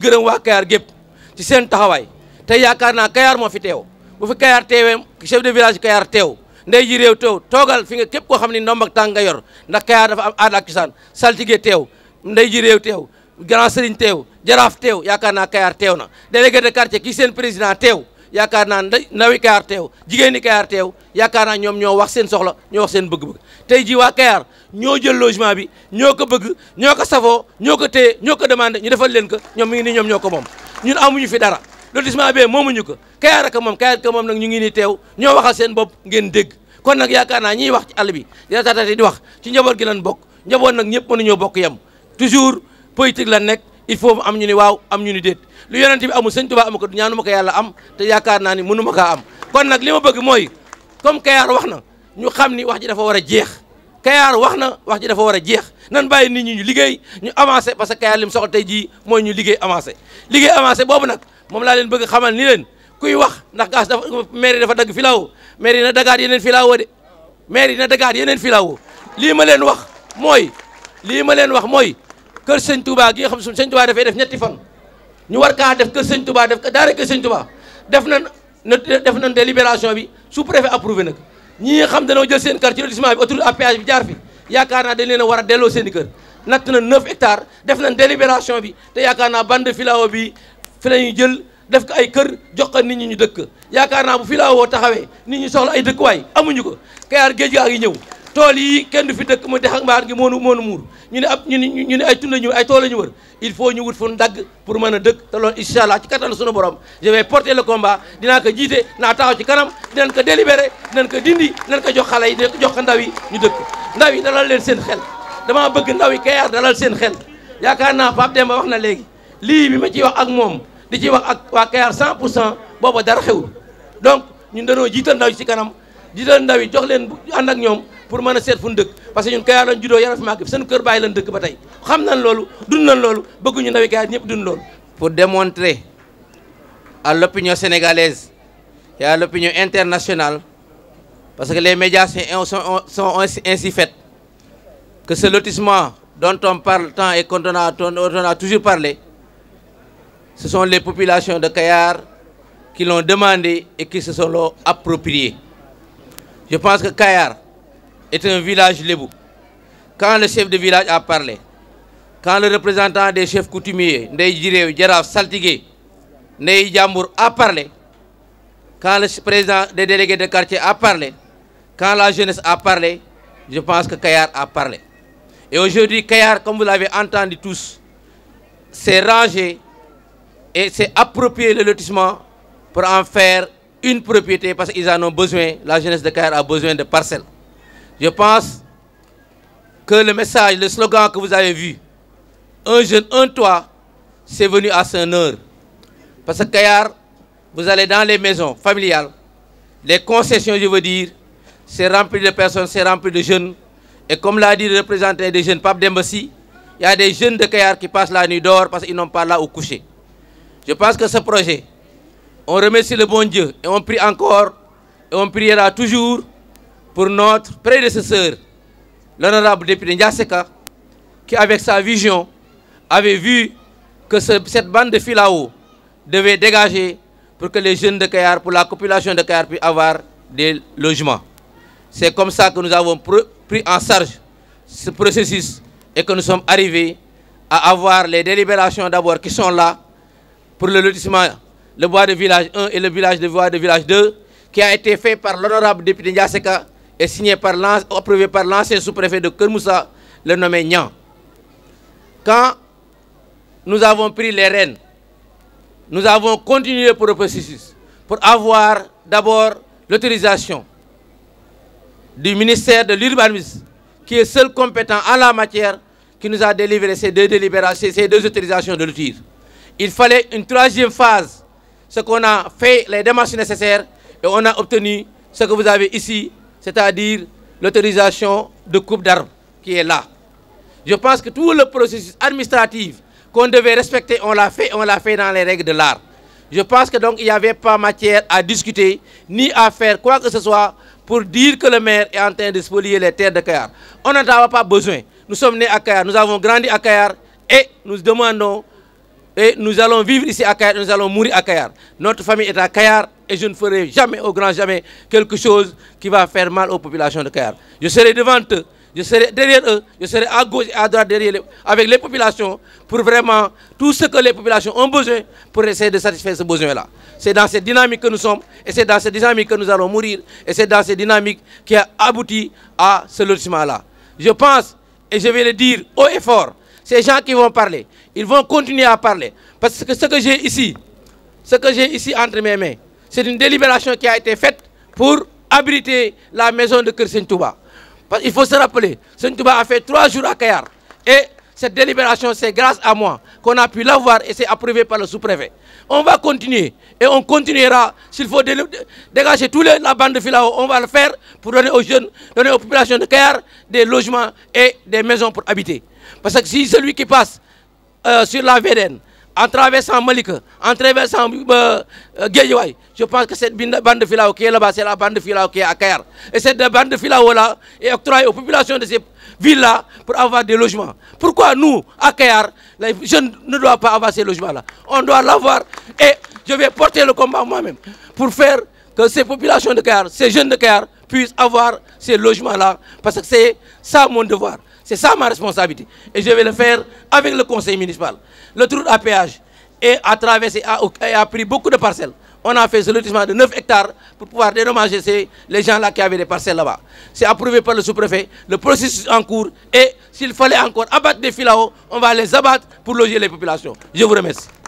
gërëm waa Kayar gépp ci seen taxawaay tey yaakaar naa Kayar moo fi teew bu fi Kayar teewee chef de village Kayar teew ndey ji réew teew toogal fi nga képp koo xam ne ndomb ak tàng nga yor ndax Kayar dafa am aada ak cosaan saltige teew ndey ji réew teew grand sëriñ teew jaraaf teew yaakaar naa Kayar teew na délégué de quartier kii seen président teew yaakaar naa nday ndawi Kayar teew jigéen ñi Kayar teew yaakaar naa ñoom ñoo wax seen soxla ñoo wax seen bëgg-bëgg tey jiwa waa Kayar ñoo jël logement bi ñoo ko bëgg ñoo ko safoo ñoo ko téye ñoo ko demande ñu defal leen ko ñoom mu ngi nii ñoom ñoo ko moom ñun amuñu fi dara lotissement bee moomuñu ko Kayar ak moom Kayar ak moom nag ñu ngi nii teew ñoo waxal seen bopp ngeen dégg kon nag yaakaar naa ñiy wax ci àll bi yaa tatati di wax ci njaboot gi lan bokk njaboot nag ñëpp mënuñoo bokk yem toujours politique la nekk il faut am ñu ni waaw am ñu ni déet lu yonent bi amu sëñ Tuubaa amu ko ñaanu ma ko yàlla am te yaakaar naa ni mënu ka am kon nag li ma bëgg mooy comme Kayar wax na ñu xam ni wax ji dafa war a jeex Kayar wax na wax ji dafa war a jeex nan bàyyi ni ñi ñu liggéey ñu avancé parce que Kayar lim soxla tey jii mooy ñu liggéey avancé liggéey avancé boobu nag moom laa leen bëgg xamal ni leen kuy wax ndax gaas dafa mairie dafa dagg filaaw mairie na dagaat yeneen filaawo de mairie na dagaat yeneen filaawo lii ma leen wax mooy lii ma leen wax mooy kër sëñ Touba gi nga xam su sëñ Touba dafay def ñetti fan ñu war kaa def kër sëñ tubaa def daara kër sëñ Touba def nan na def nan délibération bi sous préfet approuvé nag ñi nga xam dañoo jël seen kër ci lotissement bi autoroute à péage bi jaar fi yaakaar naa dañ leen a war a delloo seen i kër natt na 9 hectares def nañ délibération bi te yaakaar naa bande filao bi fi la ñuy jël def ko ay kër jox ko nit ñi ñu dëkk yaakaar naa bu filao taxawee nit ñi soxla ay dëkkuwaay amuñu ko Kayar géej gaa ngi ñëw tool yii kenn du fi dëkk mu de ak mbaar moo moonu muur ñu ne ab ñu ne ñu ne ay tund ñu ay tool la ñu wër il faut ñu wut fu dagg pour mën a dëkk te loolu incha allah ci kattanu sunu borom je vais porter le combat dinaa ko jiite naa taxaw ci kanam dinañ ko délibéré dinañ ko dindi dinañ ko jox xale yi dinañ ko jox ndaw yi ñu dëkk ndaw yi dalal leen seen xel damaa bëgg ndaw yi Kayar dalal seen xel yaakaar naa Pape Demba wax na léegi lii bi ma ciy wax ak moom di ci wax ak waa Kayar 100 pour cent booba dara donc ñun dañoo jiital ndaw ci kanam jiital ndaw yi jox leen ànd ak ñoom pour mën a seet fu ñu dëkk parce que ñun kayaar lañ juddoo yara fi màgg seen kër bàyyi lañ dëkk ba tey xam nañ loolu dund nañ loolu bëgguñu ndawi kayaar ñëpp dund loolu pour démontrer à l'opinion sénégalaise et à l'opinion internationale parce que les médias sont, sont ainsi faits que ce lotissement dont on parle tant et qu'on a, on a toujours parlé ce sont les populations de Kayar qui l'ont demandé et qui se sont l'ont approprié. Je pense que Kayar est un village lébou. Quand le chef de village a parlé, quand le représentant des chefs coutumiers, Ndeye Djirew, Djaraf, Saltigué, Ndeye Djambour a parlé, quand le président des délégués de quartier a parlé, quand la jeunesse a parlé, je pense que Kayar a parlé. Et aujourd'hui, Kayar, comme vous l'avez entendu tous, s'est rangé et s'est approprié le lotissement pour en faire une propriété parce qu'ils en ont besoin, la jeunesse de Kayar a besoin de parcelles. Je pense que le message, le slogan que vous avez vu, un jeune, un toit, c'est venu à son heure. Parce que Kayar, vous allez dans les maisons familiales, les concessions, je veux dire, c'est rempli de personnes, c'est rempli de jeunes. Et comme l'a dit le représentant des jeunes, Pape d'Embassy, il y a des jeunes de Kayar qui passent la nuit dehors parce qu'ils n'ont pas là où coucher. Je pense que ce projet, on remercie le bon Dieu et on prie encore et pour notre prédécesseur, l'honorable député Ndiaseka, qui avec sa vision avait vu que ce, cette bande de filles là-haut devait dégager pour que les jeunes de Kayar, pour la population de Kayar puisse avoir des logements. C'est comme ça que nous avons pris en charge ce processus et que nous sommes arrivés à avoir les délibérations d'abord qui sont là pour le lotissement, le bois de village 1 et le village de bois de village qui a été fait par l'honorable député et signé par l'ancien, approuvé par l'ancien sous-préfet de Kermoussa, le nommé Nian. Quand nous avons pris les rênes, nous avons continué pour le processus, pour avoir d'abord l'autorisation du ministère de l'Urbanisme, qui est seul compétent en la matière, qui nous a délivré ces deux délibérations, ces deux autorisations de l'outil. Il fallait une troisième phase, ce qu'on a fait les démarches nécessaires et on a obtenu ce que vous avez ici c'est-à-dire l'autorisation de coupe d'arbre qui est là. Je pense que tout le processus administratif qu'on devait respecter, on l'a fait, on l'a fait dans les règles de l'art. Je pense que donc il n'y avait pas matière à discuter, ni à faire quoi que ce soit pour dire que le maire est en train de spolier les terres de Kayar. On n'en avait pas besoin. Nous sommes nés à Kayar, nous avons grandi à Kayar et nous demandons, Notre famille est à Kayar, et je ne ferai jamais, au grand jamais, quelque chose qui va faire mal aux populations de Kayar. Je serai devant eux, je serai derrière eux, je serai à gauche à droite derrière les, avec les populations pour vraiment tout ce que les populations ont besoin pour essayer de satisfaire ce besoin-là. C'est dans cette dynamique que nous sommes et c'est dans cette dynamique que nous allons mourir et c'est dans cette dynamique qui a abouti à ce logement-là. Je pense, et je vais le dire haut parce que ce que j'ai ici, c'est une délibération qui a été faite pour abriter la maison de Kër Sëñ Touba parce qu'il faut se rappeler Sëñ Touba a fait trois jours à Kayar et cette délibération c'est grâce à moi qu'on a pu l'avoir et c'est approuvé par le sous-préfet on va continuer et on continuera s'il faut dégager toute la bande de filao on va le faire pour donner aux jeunes donner aux populations de Kayar des logements et des maisons pour habiter parce que si celui qui passe euh, sur la VDN en traversant Malika, en traversant euh, euh je pense que cette bande de filao qui est là-bas, c'est la bande de filao qui est Et cette bande de filao-là est octroyée aux populations de ces villes-là pour avoir des logements. Pourquoi nous, à Kayar, les jeunes ne doivent pas avoir ces logements-là On doit l'avoir et je vais porter le combat moi-même pour faire que ces populations de Kayar, ces jeunes de Kayar, puissent avoir ces logements-là parce que c'est ça mon devoir. C'est ça ma responsabilité. Et je vais le faire avec le conseil municipal. Le tour à péage et à traverser et a pris beaucoup de parcelles. On a fait ce lotissement de hectares pour pouvoir dédommager les gens-là qui avaient des parcelles là C'est approuvé par le sous-préfet, le processus en cours et s'il fallait encore abattre des filao, on va les abattre pour loger les populations. Je vous remercie.